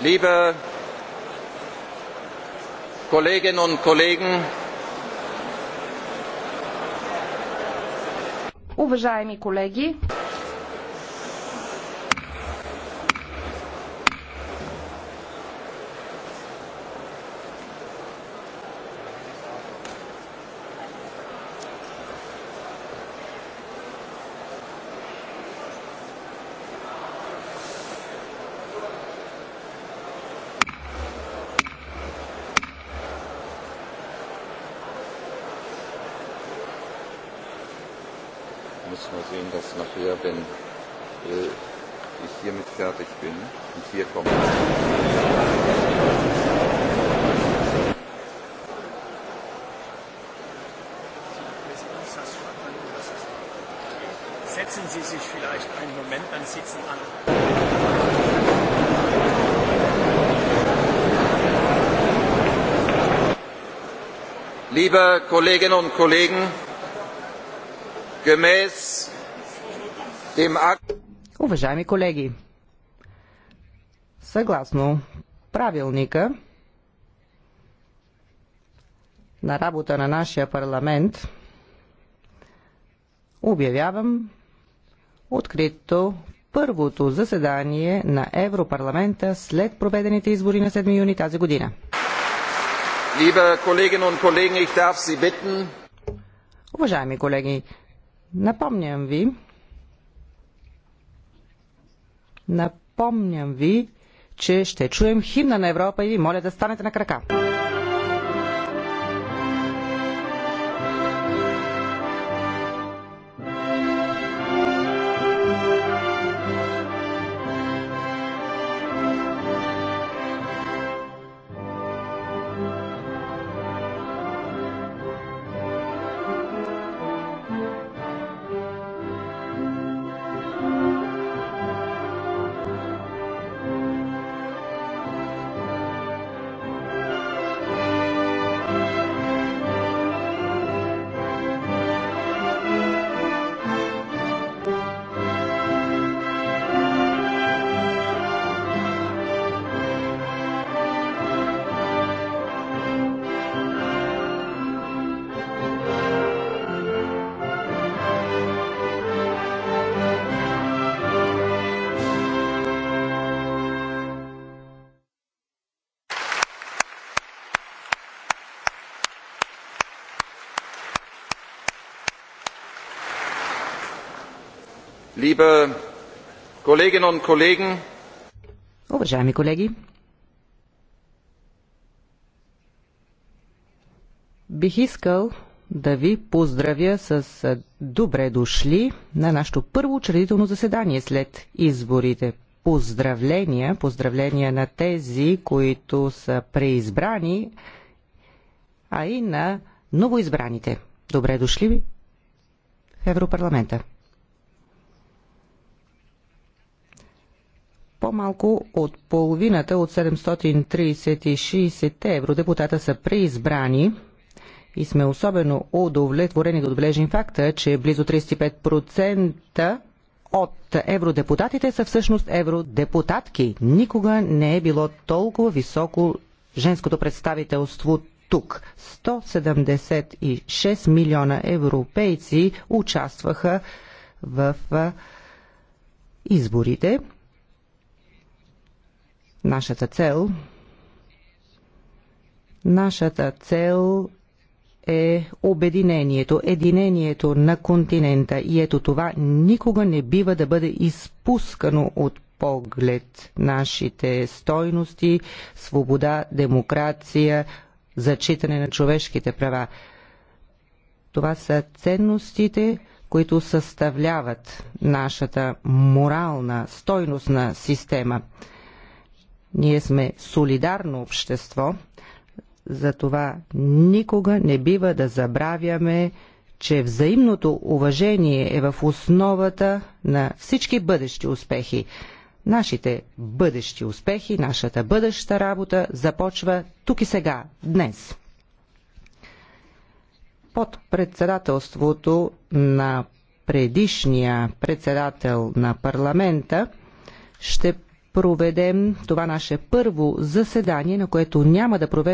Liebe Kolleginnen und Kollegen, Уважаеми колеги, muss wir sehen, dass nachher, wenn äh, ich hiermit fertig bin und hier komme. Setzen Sie sich vielleicht einen Moment, dann sitzen alle. liebe kolleginnen und kollegen! Уважаеми колеги, съгласно правилника на работа на нашия парламент, обявявам открито първото заседание на Европарламента след проведените избори на 7 юни тази година. Liebe Kolleginnen und Kollegen, ich darf Sie bitten, Уважаеми колеги, Напомням ви, напомням ви, че ще чуем химна на Европа и ви моля да станете на крака. Liebe Kolleginnen und Kollegen, Уважаеми колеги, бих искал да ви поздравя с добре дошли на нашето първо учредително заседание след изборите. Поздравления, поздравления на тези, които са преизбрани, а и на новоизбраните. Добре дошли в Европарламента. По-малко от половината от 736 евродепутата са преизбрани и сме особено удовлетворени да отбележим факта, че близо 35% от евродепутатите са всъщност евродепутатки. Никога не е било толкова високо женското представителство тук. 176 милиона европейци участваха в изборите Нашата цел Нашата цел е обединението, единението на континента и ето това никога не бива да бъде изпускано от поглед нашите стойности, свобода, демокрация, зачитане на човешките права. Това са ценностите, които съставляват нашата морална, стойностна система. Ние сме солидарно общество, затова никога не бива да забравяме, че взаимното уважение е в основата на всички бъдещи успехи. Нашите бъдещи успехи, нашата бъдеща работа започва тук и сега, днес. Под председателството на предишния председател на парламента ще проведем това наше първо заседание, на което няма да проведем